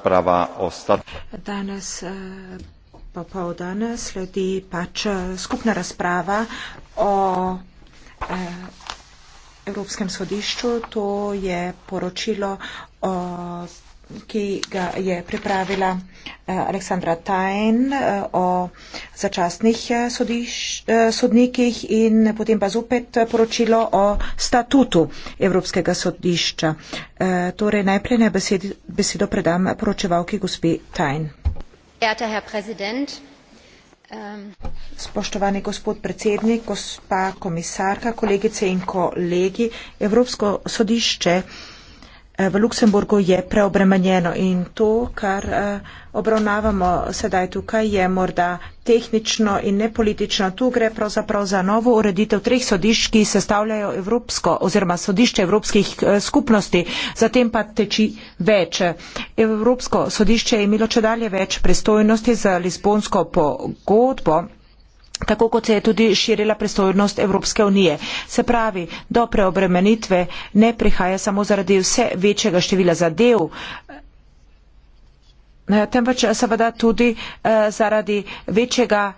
rasprava o Danes eh, popovdne sledi pač eh, skupna razprava o eh, Evropskem sodišču. To je poročilo o ki ga je pripravila eh, Aleksandra Tajn eh, o začasnih eh, sodiš, sodnikih in potem pa zopet poročilo o statutu Evropskega sodišča. Torej najprej naj besedo predam poročevalki gospi Tajn. Ähm, Spoštovani gospod predsednik, gospa komisarka, kolegice in kolegi, Evropsko sodišče Eh, v Luksemburgu je preobremenjeno in to, kar eh, obravnavamo sedaj tukaj, je morda tehnično in ne politično. Tu gre pravzaprav za novo ureditev treh sodišč, ki sestavljajo Evropsko oziroma sodišče Evropskih eh, skupnosti, zatem pa teči več. Evropsko sodišče je imelo če dalje več pristojnosti za Lisbonsko pogodbo tako kot se je tudi širila pristojnost Evropske unije. Se pravi, do preobremenitve ne prihaja samo zaradi vse večjega števila zadev, eh, temveč seveda tudi eh, zaradi večjega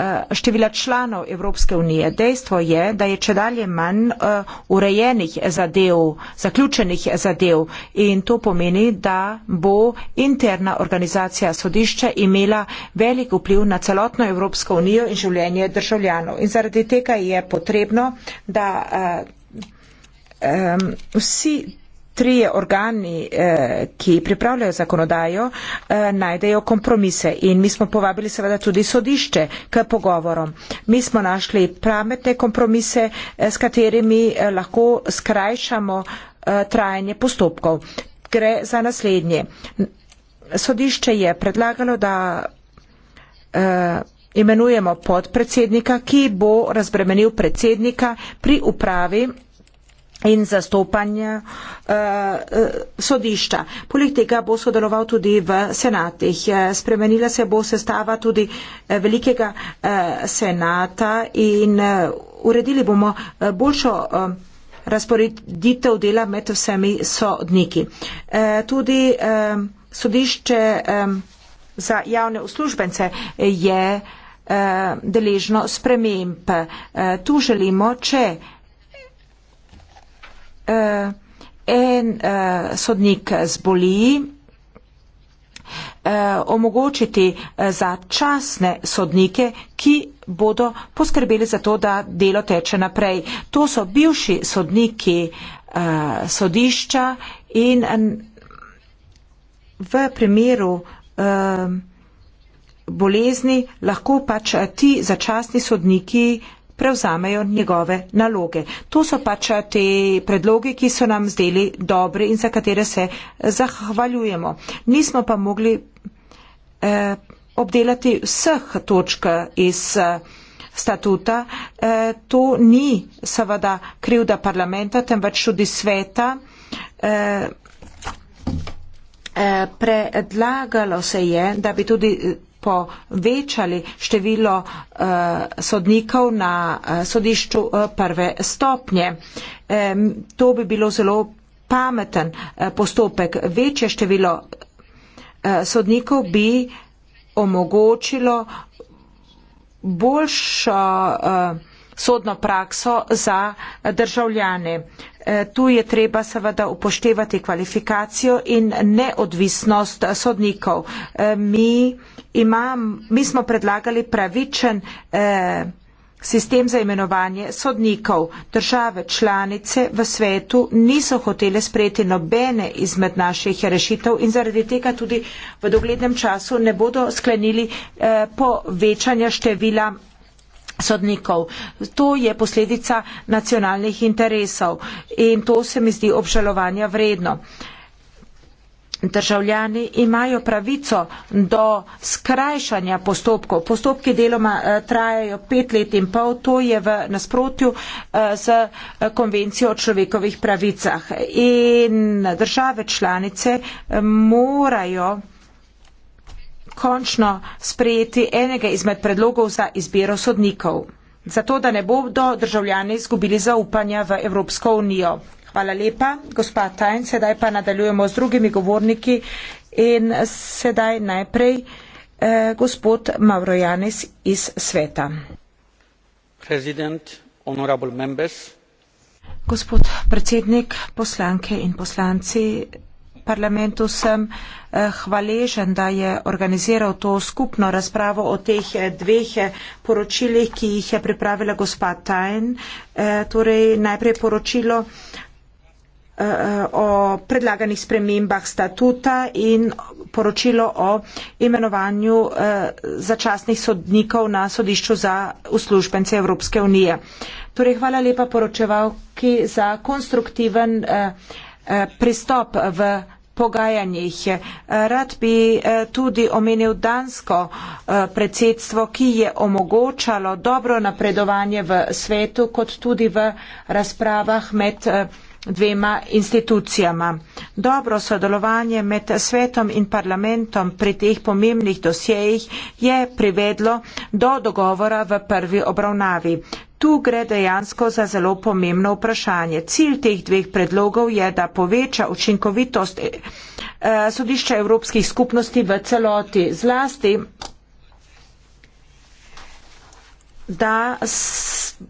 Eh, števila članov Evropske unije. Dejstvo je, da je čedalje manj eh, urejenih zadev, zaključenih zadev in to pomeni, da bo interna organizacija sodišča imela velik vpliv na celotno Evropsko unijo in življenje državljanov. In zaradi tega je potrebno, da eh, vsi trije organi, eh, ki pripravljajo zakonodajo, eh, najdejo kompromise in mi smo povabili seveda tudi sodišče k pogovorom. Mi smo našli pametne kompromise, eh, s katerimi lahko skrajšamo trajanje postopkov. Gre za naslednje. Sodišče je predlagalo, da imenujemo podpredsednika, ki bo razbremenil predsednika pri upravi in zastopanje eh, eh, sodišča. Poleg tega bo sodeloval tudi v senatih. Eh, spremenila se bo sestava tudi eh, velikega eh, senata in eh, uredili bomo eh, boljšo eh, razporeditev dela med vsemi sodniki. Eh, tudi eh, sodišče eh, za javne uslužbence je eh, deležno sprememb. Eh, tu želimo, če. Eh, uh, en uh, sodnik zboli, eh, omogočiti začasne sodnike, ki bodo poskrbeli za to, da delo teče naprej. To so bivši sodniki eh, sodišča in v primeru eh, bolezni lahko pač ti začasni sodniki eh, prevzamejo njegove naloge. To so pač eh, te predloge, ki so nam zdeli dobre in za katere se eh, zahvaljujemo. Nismo pa mogli eh, obdelati vseh točk iz eh, statuta. Eh, to ni seveda krivda parlamenta, temveč tudi sveta. Eh, eh, predlagalo se je, da bi tudi povečali število uh, sodnikov na uh, sodišču uh, prve stopnje. Um, to bi bilo zelo pameten uh, postopek. Večje število uh, sodnikov bi omogočilo boljšo uh, sodno prakso za državljane. E, tu je treba seveda upoštevati kvalifikacijo in neodvisnost sodnikov. E, mi, imam, mi smo predlagali pravičen e, sistem za imenovanje sodnikov. Države članice v svetu niso hotele sprejeti nobene izmed naših rešitev in zaradi tega tudi v doglednem času ne bodo sklenili povečanja števila sodnikov. To je posledica nacionalnih interesov in to se mi zdi obžalovanja vredno. Državljani imajo pravico do skrajšanja postopkov. Postopki deloma eh, trajajo pet let in pol, to je v nasprotju eh, z eh, konvencijo o človekovih pravicah. In države članice morajo končno sprejeti enega izmed predlogov za izbiro sodnikov, zato da ne bodo državljani izgubili zaupanja v Evropsko unijo. Hvala lepa, gospa Tajn. Sedaj pa nadaljujemo z drugimi govorniki in sedaj najprej eh, gospod Mavrojanis iz sveta. Gospod predsednik, poslanke in poslanci parlamentu sem. Eh, Eh, hvaležen, da je organiziral to skupno razpravo o teh eh, dveh eh, poročilih, ki jih je pripravila gospa Tajn. Torej najprej poročilo o predlaganih spremembah statuta in poročilo o imenovanju začasnih sodnikov na sodišču za uslužbence Evropske unije. Torej, hvala lepa poročevalki za konstruktiven pristop v pogajanjih. Eh, rad bi eh, tudi omenil dansko eh, predsedstvo, ki je omogočalo dobro napredovanje v svetu kot tudi v razpravah med predsedstvom dvema institucijama. Dobro sodelovanje med svetom in parlamentom pri teh pomembnih dosjejih je privedlo do dogovora v prvi obravnavi. Tu gre dejansko za zelo pomembno vprašanje. Cilj teh dveh predlogov je, da poveča učinkovitost eh, sodišča evropskih skupnosti v celoti, zlasti da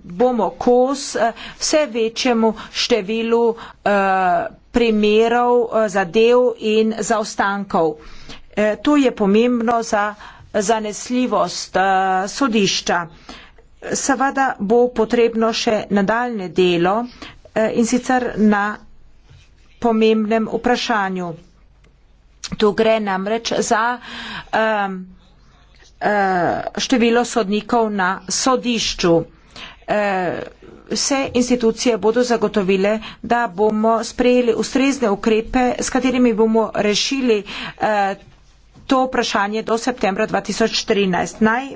bomo kos eh, vse večjemu številu eh, primerov eh, zadev in zaostankov. To je pomembno za zanesljivost sodišča. Seveda bo potrebno še nadaljne delo in sicer na pomembnem vprašanju. Tu gre namreč za um, Eh, število sodnikov na sodišču. Eh, vse institucije bodo zagotovile, da bomo sprejeli ustrezne ukrepe, s katerimi bomo rešili eh, to vprašanje do septembra 2014. Naj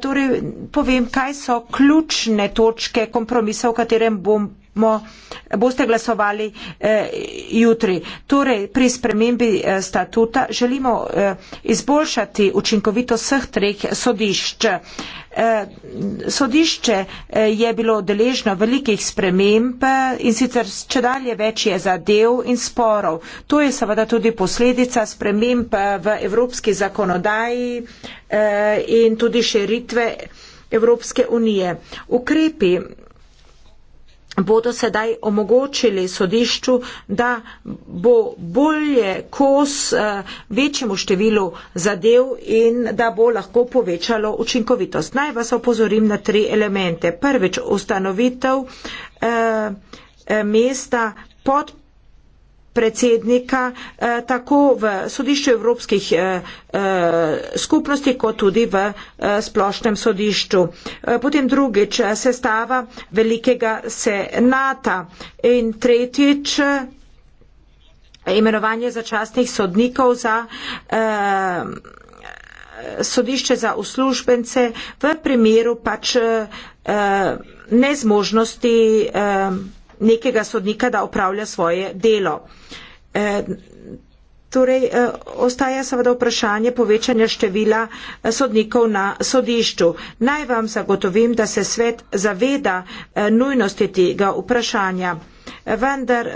Torej, povem, kaj so ključne točke kompromisa, v katerem bom, bomo, boste glasovali eh, jutri. Torej, pri spremembi eh, statuta želimo eh, izboljšati učinkovito vseh treh sodišč. Eh, sodišče eh, je bilo deležno velikih sprememb eh, in sicer če dalje več je zadev in sporov. To je seveda tudi posledica sprememb eh, v evropski zakonodaji eh, in tudi širitve. Evropske unije. Ukrepi bodo sedaj omogočili sodišču, da bo bolje kos eh, večjemu številu zadev in da bo lahko povečalo učinkovitost. Naj vas opozorim na tri elemente. Prvič, ustanovitev eh, eh mesta pod predsednika eh, tako v sodišču evropskih eh, eh, skupnosti kot tudi v eh, splošnem sodišču. Eh, potem drugič eh, sestava velikega senata in tretjič eh, imenovanje začasnih sodnikov za eh, sodišče za uslužbence v primeru pač eh, eh nezmožnosti eh, nekega sodnika, da opravlja svoje delo. E, torej, e, ostaja seveda vprašanje povečanja števila e, sodnikov na sodišču. Naj vam zagotovim, da se svet zaveda e, nujnosti tega vprašanja. E, vendar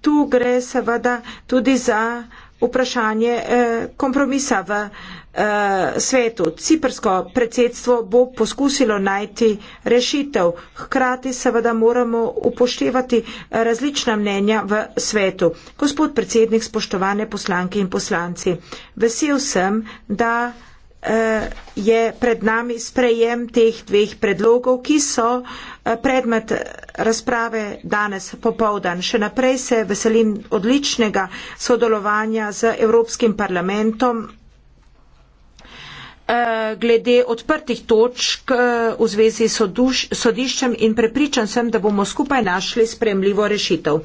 tu gre seveda tudi za vprašanje e, kompromisa v. E, Eh, svetu. Ciprsko predsedstvo bo poskusilo najti rešitev. Hkrati seveda moramo upoštevati različna mnenja v svetu. Gospod predsednik, spoštovane poslanke in poslanci, vesel sem, da eh, je pred nami sprejem teh dveh predlogov, ki so eh, predmet razprave danes popovdan. Še naprej se veselim odličnega sodelovanja z Evropskim parlamentom Eh, glede odprtih točk eh, v zvezi s sodiščem in prepričan sem, da bomo skupaj našli spremljivo rešitev.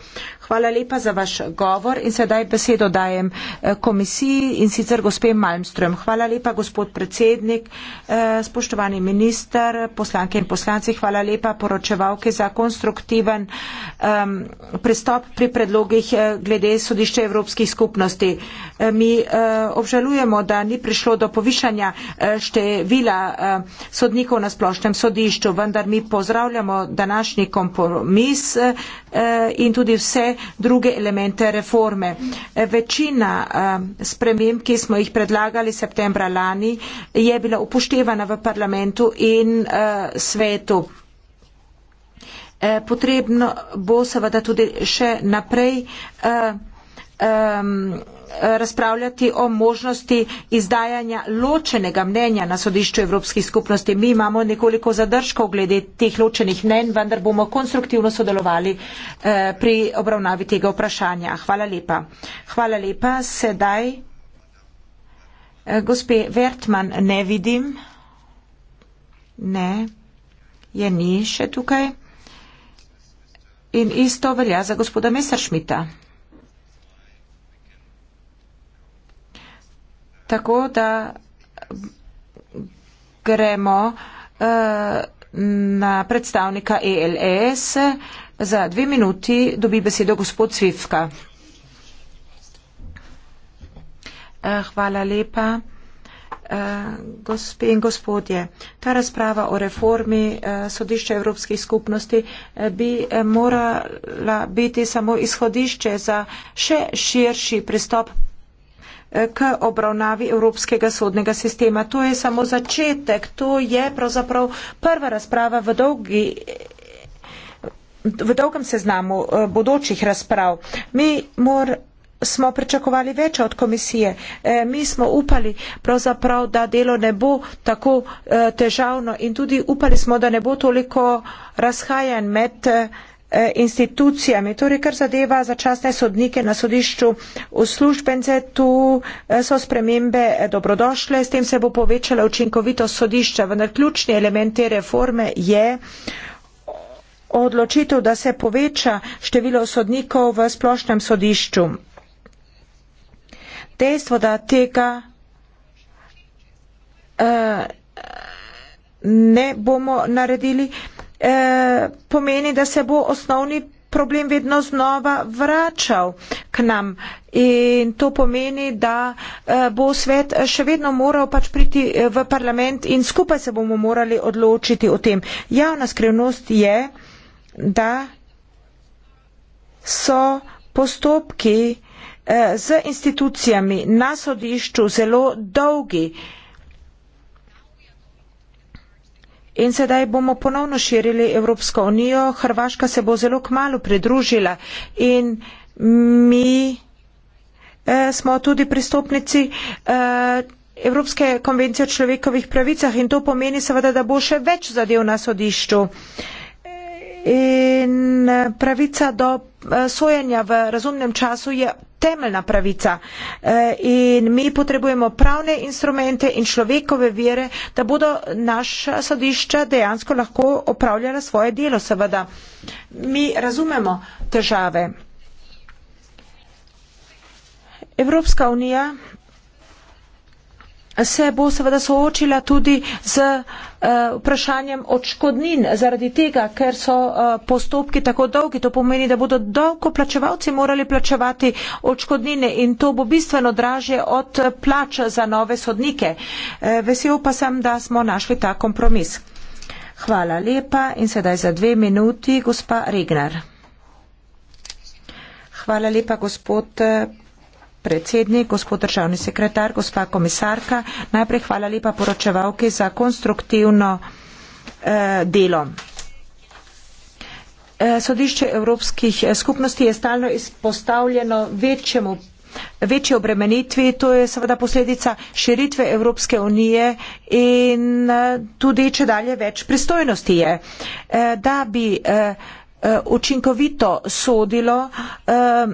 Hvala lepa za vaš govor in sedaj besedo dajem eh, komisiji in sicer gospe Malmström. Hvala lepa, gospod predsednik, eh, spoštovani minister, poslanke in poslanci, hvala lepa poročevalke za konstruktiven um, pristop pri predlogih eh, glede sodišče Evropskih skupnosti. Mi uh, obžalujemo, da ni prišlo do povišanja števila uh, sodnikov na splošnem sodišču, vendar mi pozdravljamo današnji kompromis uh, in tudi vse, druge elemente reforme. Večina um, sprememb, ki smo jih predlagali septembra lani, je bila upoštevana v parlamentu in uh, svetu. Eh, potrebno bo seveda tudi še naprej eh, um, razpravljati o možnosti izdajanja ločenega mnenja na sodišču Evropskih skupnosti. Mi imamo nekoliko zadržkov glede teh ločenih mnen, vendar bomo konstruktivno sodelovali eh, pri obravnavi tega vprašanja. Hvala lepa. Hvala lepa. Sedaj, eh, gospe Vertman, ne vidim. Ne, je ni še tukaj. In isto velja za gospoda Messerschmita. Tako da gremo uh, na predstavnika ELS. E za dve minuti dobi besedo gospod Cvifka. Uh, eh, hvala lepa. Eh, gospe in gospodje, ta razprava o reformi sodišča Evropskih skupnosti bi morala biti samo izhodišče za še širši pristop k obravnavi Evropskega sodnega sistema. To je samo začetek, to je pravzaprav prva razprava v dolgi. V dolgem seznamu eh, bodočih razprav mi mor, smo pričakovali več od komisije. E, mi smo upali, da delo ne bo tako e, težavno in tudi upali smo, da ne bo toliko razhajanj med e, Eh, institucijami. Torej, kar zadeva začasne sodnike na sodišču uslužbence, tu eh, so spremembe eh, dobrodošle, s tem se bo povečala učinkovitost sodišča. Vendar ključni element te reforme je odločitev, da se poveča število sodnikov v splošnem sodišču. Dejstvo, da tega uh, ne bomo naredili, uh, Eh, pomeni, da se bo osnovni problem vedno znova vračal k nam. In to pomeni, da eh, bo svet še vedno moral pač priti eh, v parlament in skupaj se bomo morali odločiti o tem. Javna skrivnost je, da so postopki z institucijami na sodišču zelo dolgi. In sedaj bomo ponovno širili Evropsko unijo. Hrvaška se bo zelo kmalo pridružila in mi eh, smo tudi pristopnici. Eh, Evropske konvencije o človekovih pravicah in to pomeni seveda, da bo še več zadev na sodišču. Uh, In eh, pravica do eh, sojenja v razumnem času je temeljna pravica. Eh, in mi potrebujemo pravne instrumente in človekove vere, da bodo naša sodišča dejansko lahko opravljala svoje delo. Seveda, mi razumemo težave. Evropska unija se bo seveda soočila tudi z eh, vprašanjem odškodnin zaradi tega, ker so eh, postopki tako dolgi. To pomeni, da bodo dolgo plačevalci morali plačevati odškodnine in to bo bistveno draže od eh, plač za nove sodnike. Vesel pa sem, da smo našli ta kompromis. Hvala lepa in sedaj za dve minuti, gospa Regnar. Hvala lepa, gospod predsednik, gospod državni sekretar, gospa komisarka. Najprej hvala lepa poročevalki za konstruktivno eh, delo. Eh, sodišče evropskih eh, skupnosti je stalno izpostavljeno večjemu večji obremenitvi, to je seveda posledica širitve Evropske unije in eh, tudi če dalje več pristojnosti je. Eh, da bi Eh, učinkovito sodilo, eh,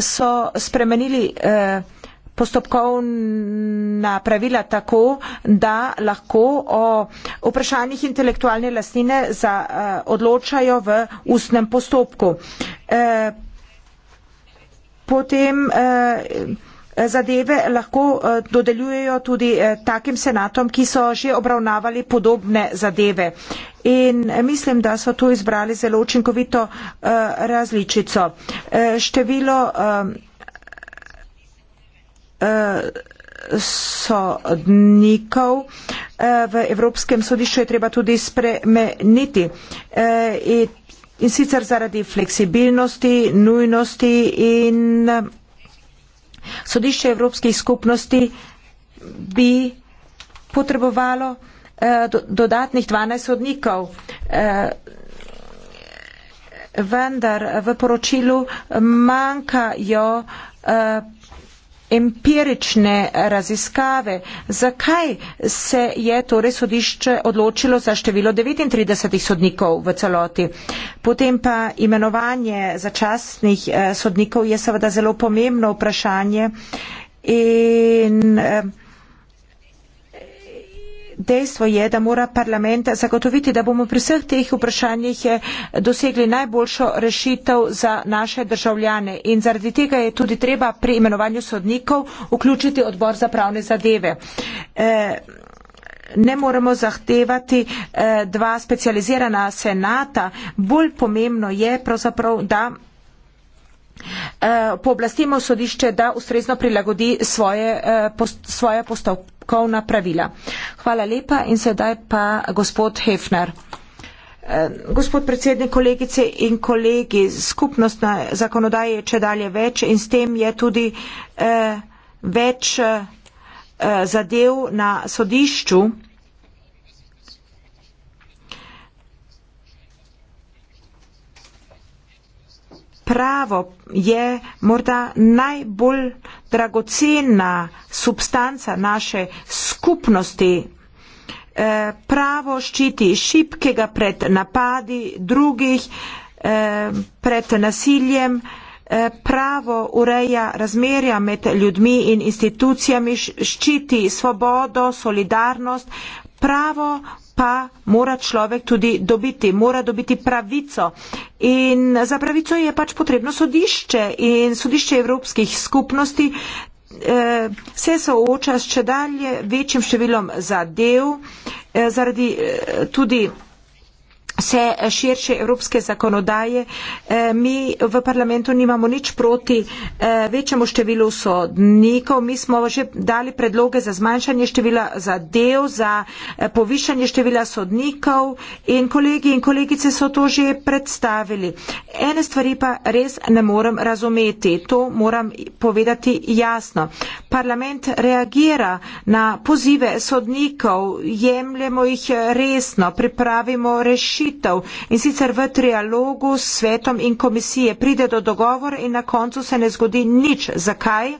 so spremenili eh, postopkovna pravila tako, da lahko o vprašanjih intelektualne lastnine za, uh, odločajo v ustnem postopku. Uh, potem uh, zadeve lahko eh, dodeljujejo tudi eh, takim senatom, ki so že obravnavali podobne zadeve. In eh, mislim, da so tu izbrali zelo učinkovito različico. Število sodnikov v Evropskem sodišču je treba tudi spremeniti. In sicer zaradi fleksibilnosti, nujnosti in Sodišče Evropskih skupnosti bi potrebovalo eh, dodatnih 12 sodnikov. Eh, vendar v poročilu manjkajo eh, empirične raziskave, zakaj se je torej sodišče odločilo za število 39 sodnikov v celoti. Potem pa imenovanje začasnih eh, sodnikov je seveda zelo pomembno vprašanje in eh, dejstvo je, da mora parlament zagotoviti, da bomo pri vseh teh vprašanjih eh, dosegli najboljšo rešitev za naše državljane. In zaradi tega je tudi treba pri imenovanju sodnikov vključiti odbor za pravne zadeve. E, ne moremo zahtevati e, dva specializirana senata. Bolj pomembno je pravzaprav, da. Uh, pooblastimo sodišče, da ustrezno prilagodi svoje, uh, post, svoje postop, postopkovna pravila. Hvala lepa in sedaj pa gospod Hefner. Eh, gospod predsednik, kolegice in kolegi, skupnost na zakonodaji je če dalje več in s tem je tudi eh, več eh, eh zadev na sodišču. Eh, pravo je morda najbolj dragocena substanca naše skupnosti. Eh, pravo ščiti šipkega pred napadi drugih, eh, pred nasiljem, eh, pravo ureja razmerja med ljudmi in institucijami, ščiti svobodo, solidarnost, pravo pa mora človek tudi dobiti, mora dobiti pravico. In za pravico je pač potrebno sodišče in sodišče evropskih skupnosti eh, se sooča s če dalje večjim številom zadev, eh, zaradi eh, tudi vse širše evropske zakonodaje. Eh, mi v parlamentu nimamo nič proti eh, večjemu številu sodnikov. Mi smo že dali predloge za zmanjšanje števila zadev, za eh, povišanje števila sodnikov in kolegi in kolegice so to že predstavili. Ene stvari pa res ne morem razumeti. To moram povedati jasno. Parlament reagira na pozive sodnikov, jemljemo jih resno, pripravimo rešitev rešitev in sicer v trialogu s svetom in komisije pride do dogovora in na koncu se ne zgodi nič. Zakaj?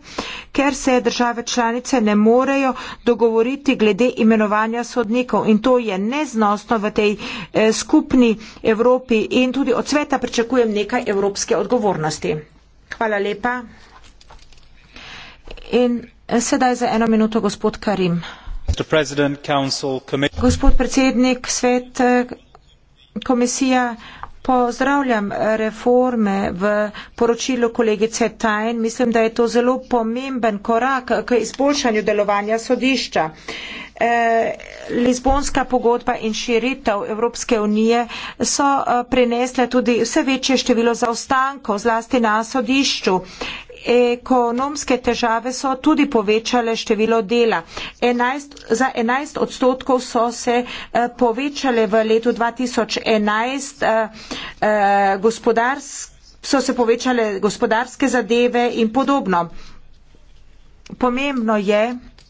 Ker se države članice ne morejo dogovoriti glede imenovanja sodnikov in to je neznosno v tej eh, skupni Evropi in tudi od sveta pričakujem nekaj evropske odgovornosti. Hvala lepa. In eh, sedaj za eno minuto gospod Karim. Gospod predsednik, svet, eh, komisija. Pozdravljam reforme v poročilu kolegice Tajn. Mislim, da je to zelo pomemben korak k izboljšanju delovanja sodišča. E, Lizbonska pogodba in širitev Evropske unije so eh, prinesle tudi vse večje število zaostankov, zlasti na sodišču ekonomske težave so tudi povečale število dela. 11, za 11 odstotkov so se eh, povečale v letu 2011 eh, eh, so se povečale gospodarske zadeve in podobno. Pomembno je,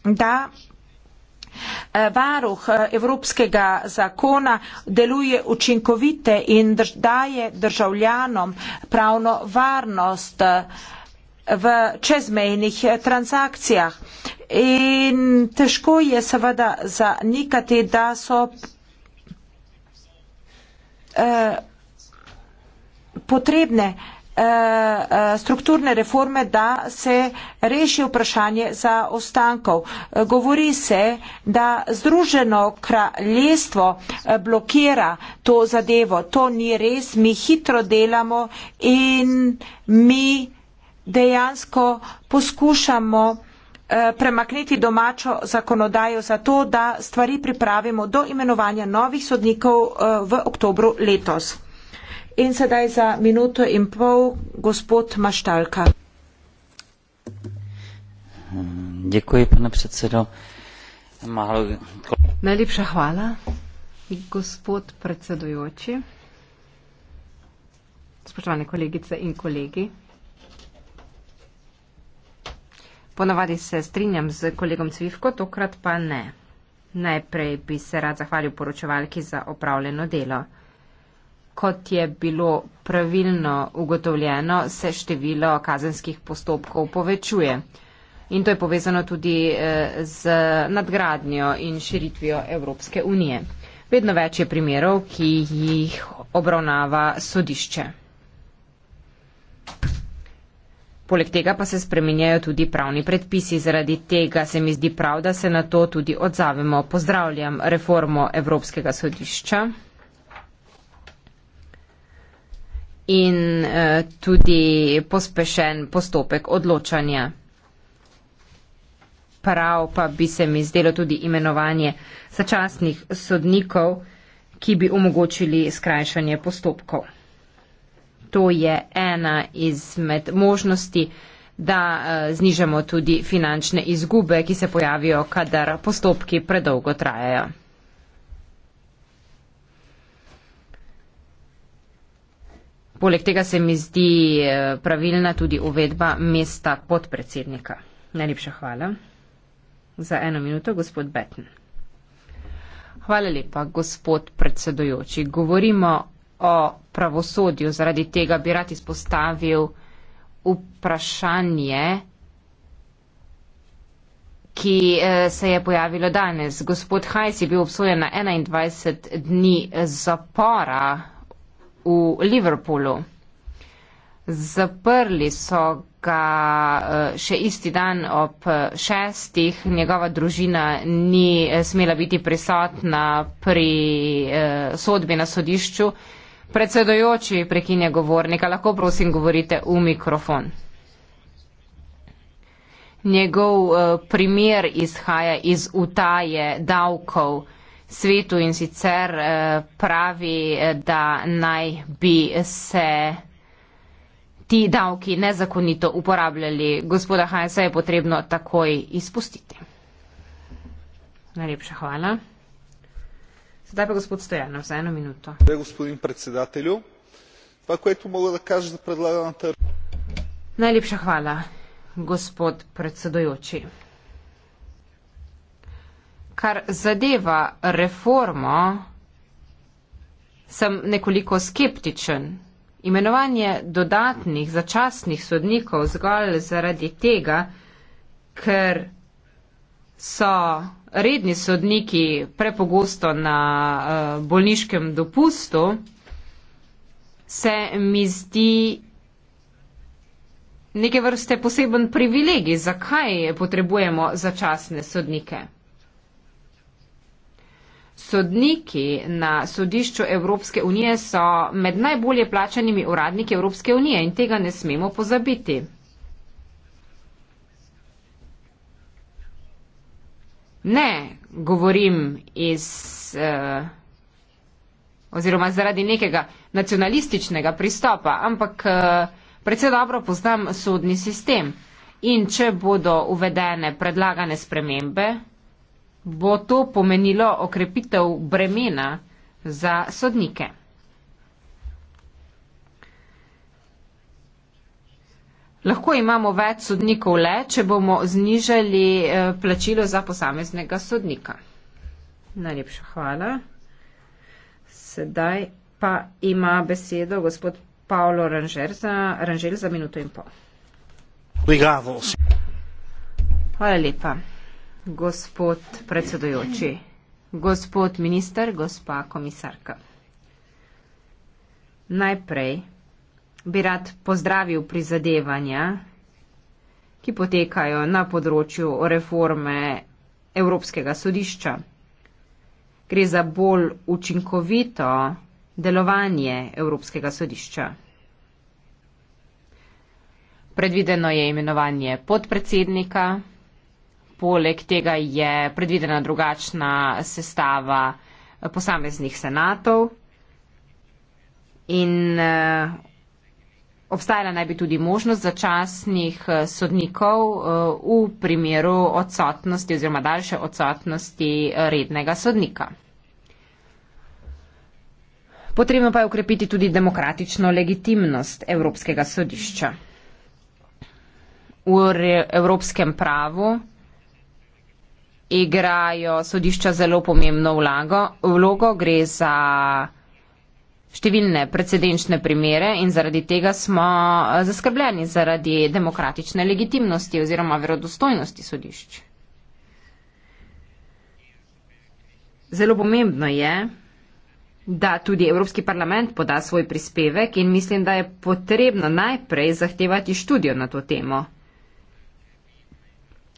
da varuh evropskega zakona deluje učinkovite in daje državljanom pravno varnost v čezmejnih eh, transakcijah. In težko je seveda zanikati, da so eh, potrebne eh, strukturne reforme, da se reši vprašanje za ostankov. Govori se, da Združeno kraljestvo blokira to zadevo. To ni res, mi hitro delamo in mi dejansko poskušamo eh, premakniti domačo zakonodajo za to, da stvari pripravimo do imenovanja novih sodnikov eh, v oktobru letos. In sedaj za minuto in pol gospod Maštalka. Děkuji, pane predsedo. Malo... Najlepša hvala, gospod predsedujoči, spoštovane kolegice in kolegi. Ponavadi se strinjam z kolegom Cvivko, tokrat pa ne. Najprej bi se rad zahvalil poročevalki za opravljeno delo. Kot je bilo pravilno ugotovljeno, se število kazenskih postopkov povečuje. In to je povezano tudi eh, z nadgradnjo in širitvijo Evropske unije. Vedno več je primerov, ki jih obravnava sodišče. Poleg tega pa se spreminjajo tudi pravni predpisi. Zaradi tega se mi zdi prav, da se na to tudi odzavemo. Pozdravljam reformo Evropskega sodišča. In eh, tudi pospešen postopek odločanja. Prav pa bi se mi zdelo tudi imenovanje začasnih sodnikov, ki bi omogočili skrajšanje postopkov to je ena izmed možnosti, da eh, znižamo tudi finančne izgube, ki se pojavijo, kadar postopki predolgo trajajo. Poleg tega se mi zdi eh, pravilna tudi uvedba mesta podpredsednika. Najlepša hvala. Za eno minuto, gospod Betten. Hvala lepa, gospod predsedojoči. Govorimo o pravosodju. Zaradi tega bi rad izpostavil vprašanje, ki eh, se je pojavilo danes. Gospod Hajs je bil obsojen na 21 dni zapora v Liverpoolu. Zaprli so ga eh, še isti dan ob eh, šestih. Njegova družina ni smela biti prisotna pri sodbi na sodišču. Predsedojoči prekinja govornika, lahko prosim govorite v mikrofon. Njegov eh, primer izhaja iz utaje davkov svetu in sicer eh, pravi, eh, da naj bi se ti davki nezakonito uporabljali. Gospoda Hajsa je potrebno takoj izpustiti. Najlepša hvala. Zdaj pa gospod Stojan, za eno minuto. Zdaj gospodin predsedatelju, pa ko je tu mogo, da kažeš, da predlagam ter... Najlepša hvala, gospod predsedojoči. Kar zadeva reformo, sem nekoliko skeptičen. Imenovanje dodatnih začasnih sodnikov zgolj zaradi tega, ker so redni sodniki prepogosto na eh, bolniškem dopustu, se mi zdi neke vrste poseben privilegij, zakaj potrebujemo začasne sodnike. Sodniki na sodišču Evropske unije so med najbolje plačanimi uradniki Evropske unije in tega ne smemo pozabiti. Ne, govorim iz eh, oziroma zaradi nekega nacionalističnega pristopa, ampak eh, predvsej dobro poznam sodni sistem. In če bodo uvedene predlagane spremembe, bo to pomenilo okrepitev bremena za sodnike. Lahko imamo več sodnikov le, če bomo znižali eh, plačilo za posameznega sodnika. Najlepša hvala. Sedaj pa ima besedo gospod Paolo Ranžel za, Ranžel za minuto in pol. Hvala lepa, gospod predsedojoči, gospod minister, gospa komisarka. Najprej bi rad pozdravil prizadevanja, ki potekajo na področju reforme Evropskega sodišča. Gre za bolj učinkovito delovanje Evropskega sodišča. Predvideno je imenovanje podpredsednika, poleg tega je predvidena drugačna sestava posameznih senatov in eh, Obstajala naj bi tudi možnost začasnih eh, sodnikov eh, v primeru odsotnosti oziroma daljše odsotnosti eh, rednega sodnika. Potrebno pa je ukrepiti tudi demokratično legitimnost Evropskega sodišča. V evropskem pravu igrajo sodišča zelo pomembno vlogo. Vlogo gre za številne precedenčne primere in zaradi tega smo eh, zaskrbljeni zaradi demokratične legitimnosti oziroma verodostojnosti sodišč. Zelo pomembno je, da tudi Evropski parlament poda svoj prispevek in mislim, da je potrebno najprej zahtevati študijo na to temo.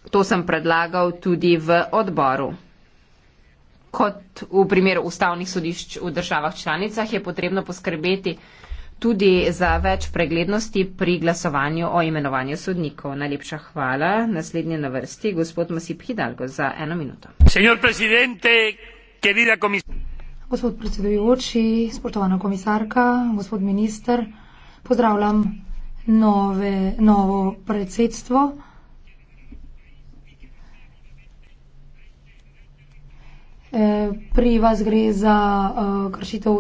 To sem predlagal tudi v odboru kot v primeru ustavnih sodišč v državah članicah, je potrebno poskrbeti tudi za več preglednosti pri glasovanju o imenovanju sodnikov. Najlepša hvala. Naslednji na vrsti, gospod Masip Hidalgo, za eno minuto. Gospod predsedujoči, spoštovana komisarka, gospod minister, pozdravljam nove, novo predsedstvo. Eh, pri vas gre za uh, kršitev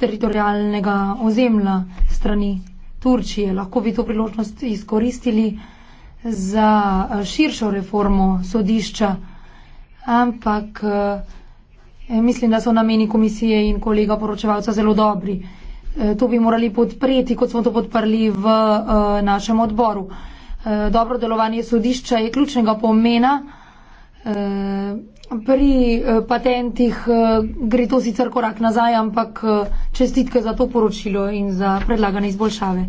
teritorijalnega ozemlja strani Turčije. Lahko bi to priložnost izkoristili za eh, širšo reformo sodišča, ampak mislim, da so nameni komisije in kolega poročevalca zelo dobri. To bi morali podpreti, kot smo to podprli v našem odboru. Dobro delovanje sodišča je ključnega pomena Pri eh, patentih eh, gre to sicer korak nazaj, ampak eh, čestitke za to poročilo in za predlagane izboljšave.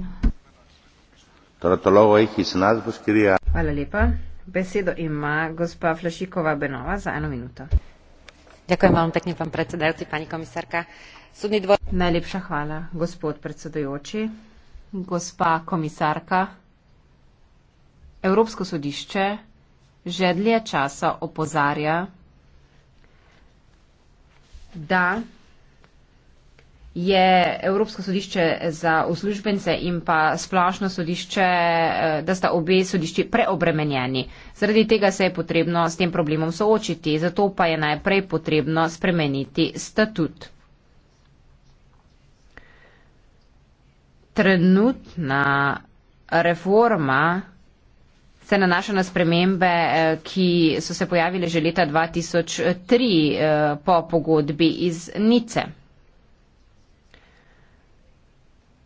Hvala lepa. Besedo ima gospa Flašikova Benova za eno minuto. Ďakujem vám pekne, pán predsedajúci, pani komisárka. Súdny dvor... Najlepšia chvála, gospod predsedajúci, gospa komisárka. Európsko súdišče že dlie časa opozária da je Evropsko sodišče za uslužbence in pa splošno sodišče, eh, da sta obe sodišči preobremenjeni. Zaradi tega se je potrebno s tem problemom soočiti, zato pa je najprej potrebno spremeniti statut. Trenutna reforma se nanaša na spremembe, eh, ki so se pojavile že leta 2003 eh, po pogodbi iz Nice.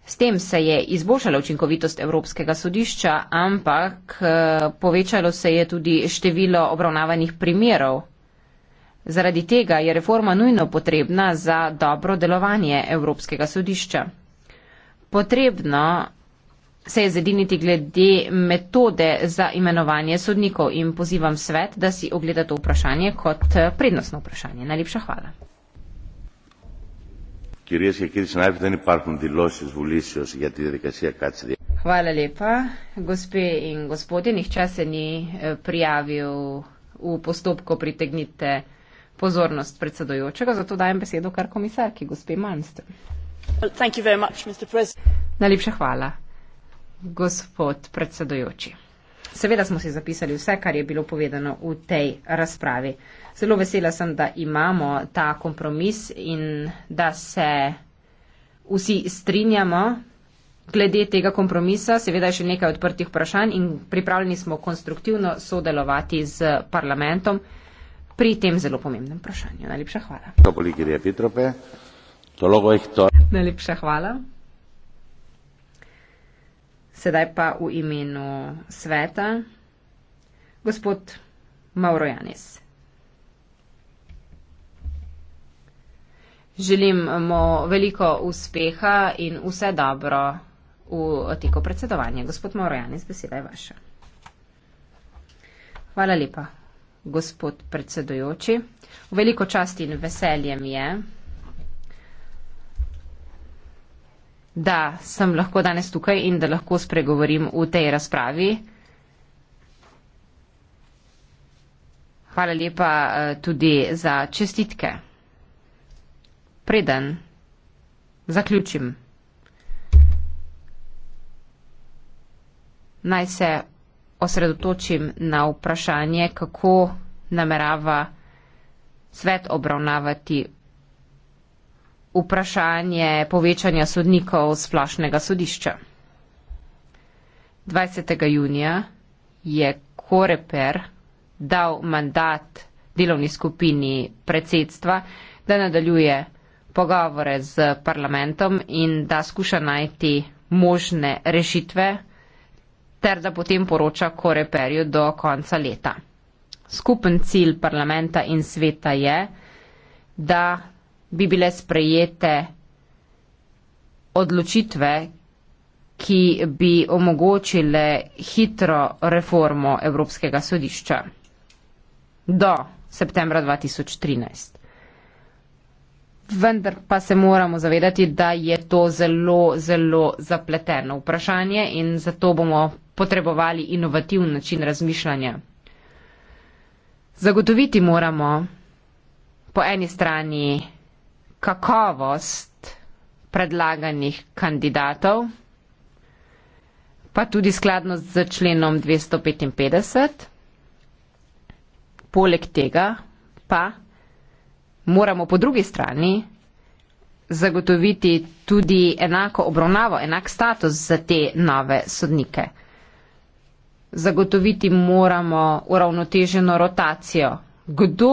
S tem se je izboljšala učinkovitost Evropskega sodišča, ampak eh, povečalo se je tudi število obravnavanih primerov. Zaradi tega je reforma nujno potrebna za dobro delovanje Evropskega sodišča. Potrebno se je zediniti glede metode za imenovanje sodnikov in pozivam svet, da si ogleda to vprašanje kot eh, prednostno vprašanje. Najlepša hvala. Hvala lepa, gospe in gospodje. Nihče se ni eh, prijavil v postopko pritegnite pozornost predsedojočega, zato dajem besedo kar komisarki, gospe Manster. Najlepša hvala gospod predsedujoči. Seveda smo si zapisali vse, kar je bilo povedano v tej razpravi. Zelo vesela sem, da imamo ta kompromis in da se vsi strinjamo glede tega kompromisa. Seveda je še nekaj odprtih vprašanj in pripravljeni smo konstruktivno sodelovati z parlamentom pri tem zelo pomembnem vprašanju. Najlepša hvala. Najlepša hvala. Sedaj pa v imenu sveta, gospod Mauro Janis. Želim mu veliko uspeha in vse dobro v teku predsedovanja. Gospod Mauro Janis, beseda je vaša. Hvala lepa, gospod predsedujoči. Veliko čast in veseljem je, da sem lahko danes tukaj in da lahko spregovorim v tej razpravi. Hvala lepa eh, tudi za čestitke. Preden zaključim. Naj se osredotočim na vprašanje, kako namerava svet obravnavati vprašanje povečanja sodnikov splošnega sodišča. 20. junija je Koreper dal mandat delovni skupini predsedstva, da nadaljuje pogovore z parlamentom in da skuša najti možne rešitve, ter da potem poroča Koreperju do konca leta. Skupen cilj parlamenta in sveta je, da bi bile sprejete odločitve, ki bi omogočile hitro reformo Evropskega sodišča do septembra 2013. Vendar pa se moramo zavedati, da je to zelo, zelo zapleteno vprašanje in zato bomo potrebovali inovativen način razmišljanja. Zagotoviti moramo po eni strani kakovost predlaganih kandidatov, pa tudi skladno z členom 255. Poleg tega pa moramo po drugi strani zagotoviti tudi enako obravnavo, enak status za te nove sodnike. Zagotoviti moramo uravnoteženo rotacijo kdo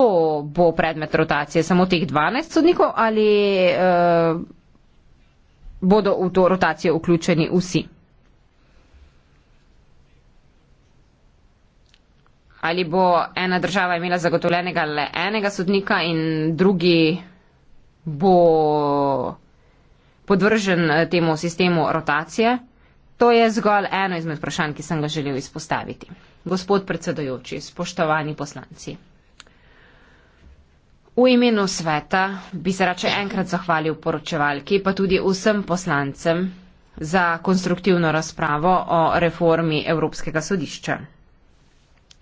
bo predmet rotacije, samo teh 12 sodnikov ali uh, bodo v to rotacijo vključeni vsi? Ali bo ena država imela zagotovljenega le enega sodnika in drugi bo podvržen eh, temu sistemu rotacije? To je zgolj eno izmed vprašanj, ki sem ga želel izpostaviti. Gospod predsedojoči, spoštovani poslanci. V imenu sveta bi se rače enkrat zahvalil poročevalki, pa tudi vsem poslancem za konstruktivno razpravo o reformi Evropskega sodišča.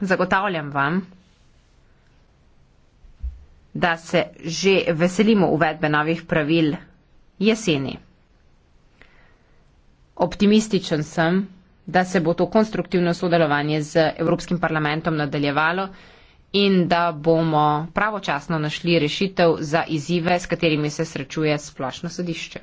Zagotavljam vam, da se že veselimo uvedbe novih pravil jeseni. Optimističen sem, da se bo to konstruktivno sodelovanje z Evropskim parlamentom nadaljevalo in da bomo pravočasno našli rešitev za izzive, s katerimi se srečuje splošno sodišče.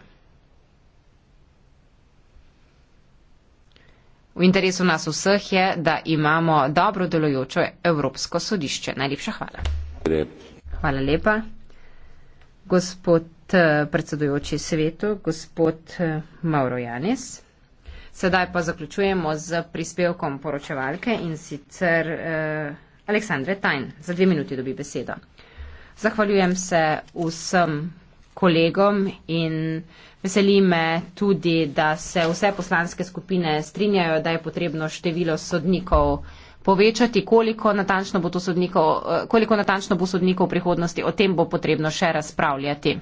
V interesu nas vseh je, da imamo dobro delojočo Evropsko sodišče. Najlepša hvala. Hvala lepa. Gospod eh, predsedujoči svetu, gospod eh, Mauro Janis. Sedaj pa zaključujemo z prispevkom poročevalke in sicer. Eh, Aleksandre Tajn. Za dve minuti dobi besedo. Zahvaljujem se vsem kolegom in veseli me tudi, da se vse poslanske skupine strinjajo, da je potrebno število sodnikov povečati, koliko natančno bo, sodnikov, eh, koliko natančno bo sodnikov v prihodnosti. O tem bo potrebno še razpravljati.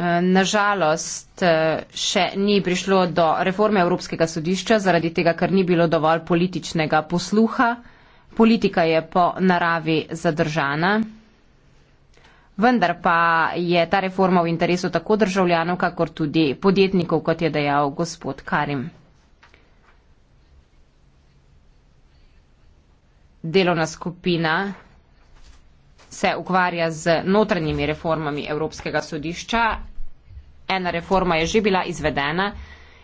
Eh, Nažalost eh, še ni prišlo do reforme Evropskega sodišča, zaradi tega, ker ni bilo dovolj političnega posluha. Politika je po naravi zadržana. Vendar pa je ta reforma v interesu tako državljanov, kakor tudi podjetnikov, kot je dejal gospod Karim. Delovna skupina se ukvarja z notranjimi reformami Evropskega sodišča ena reforma je že bila izvedena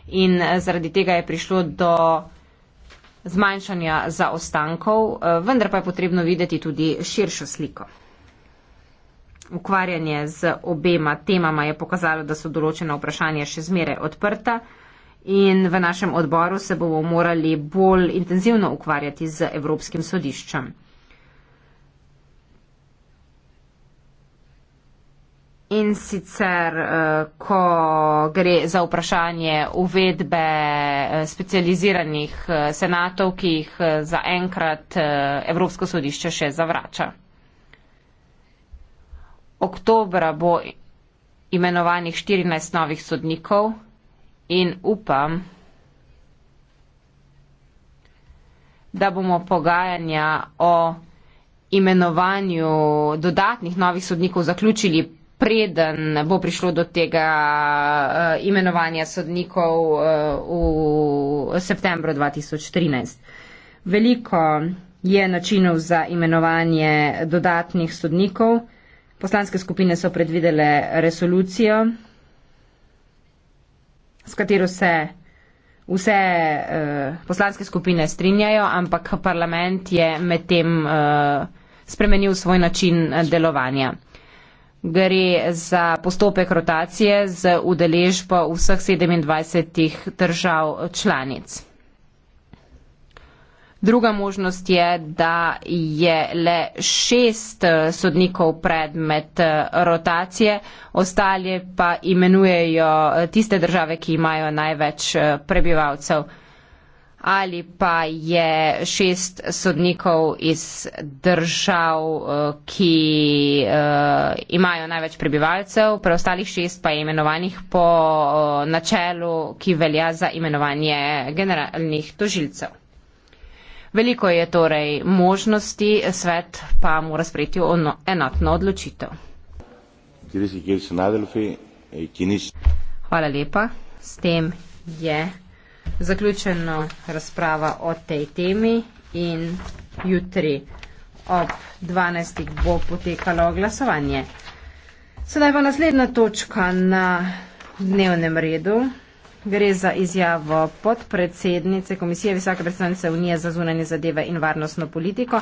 in eh, zaradi tega je prišlo do zmanjšanja zaostankov, eh, vendar pa je potrebno videti tudi širšo sliko. Ukvarjanje z obema temama je pokazalo, da so določena vprašanja še zmeraj odprta in v našem odboru se bomo morali bolj intenzivno ukvarjati z Evropskim sodiščem. In sicer, eh, ko gre za vprašanje uvedbe eh, specializiranih eh, senatov, ki jih zaenkrat Evropsko sodišče še zavrača. Oktobra bo imenovanih 14 novih sodnikov in upam, da bomo pogajanja o imenovanju dodatnih novih sodnikov zaključili preden bo prišlo do tega uh, imenovanja sodnikov uh, v septembru 2013. Veliko je načinov za imenovanje dodatnih sodnikov. Poslanske skupine so predvidele resolucijo, s katero se vse uh, poslanske skupine strinjajo, ampak parlament je medtem uh, spremenil svoj način delovanja gre za postopek rotacije z udeležbo vseh 27 držav članic. Druga možnost je, da je le šest sodnikov predmet eh, rotacije, ostale pa imenujejo tiste države, ki imajo največ eh, prebivalcev ali pa je šest sodnikov iz držav, eh, ki eh, imajo največ prebivalcev, preostalih šest pa je imenovanih po eh, načelu, ki velja za imenovanje generalnih tožilcev. Veliko je torej možnosti, svet pa mora sprejeti enotno odločitev. Hvala lepa. S tem je zaključena razprava o tej temi in jutri ob 12. bo potekalo glasovanje. Sedaj pa naslednja točka na dnevnem redu. Gre za izjavo podpredsednice Komisije Visoke predstavnice Unije za zunanje zadeve in varnostno politiko.